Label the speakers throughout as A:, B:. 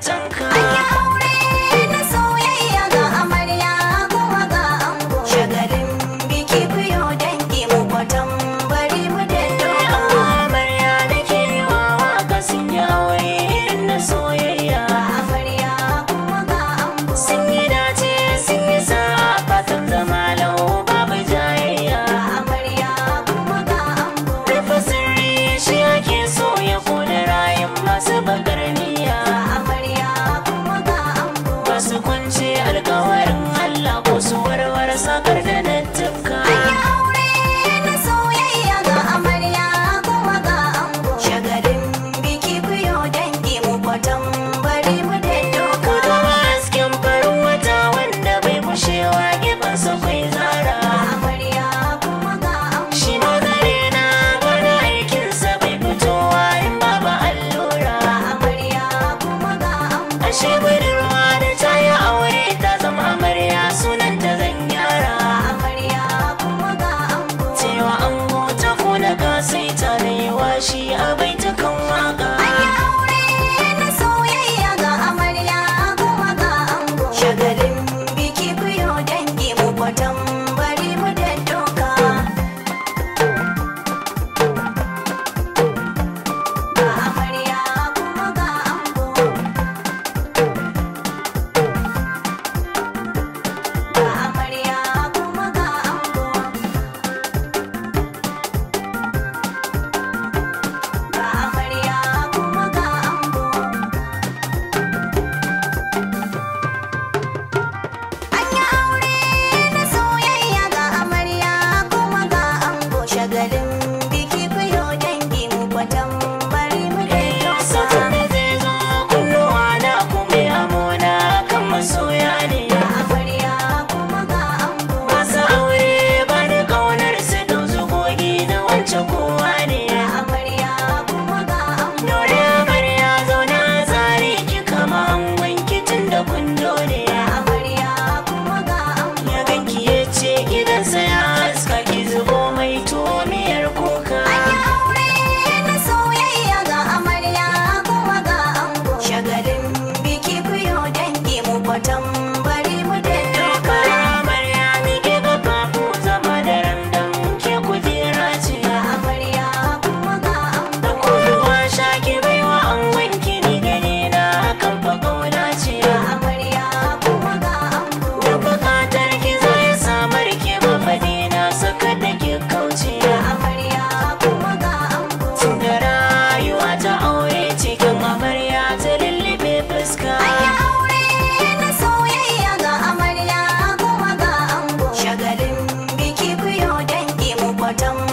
A: to come. matan autumn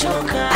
A: choca.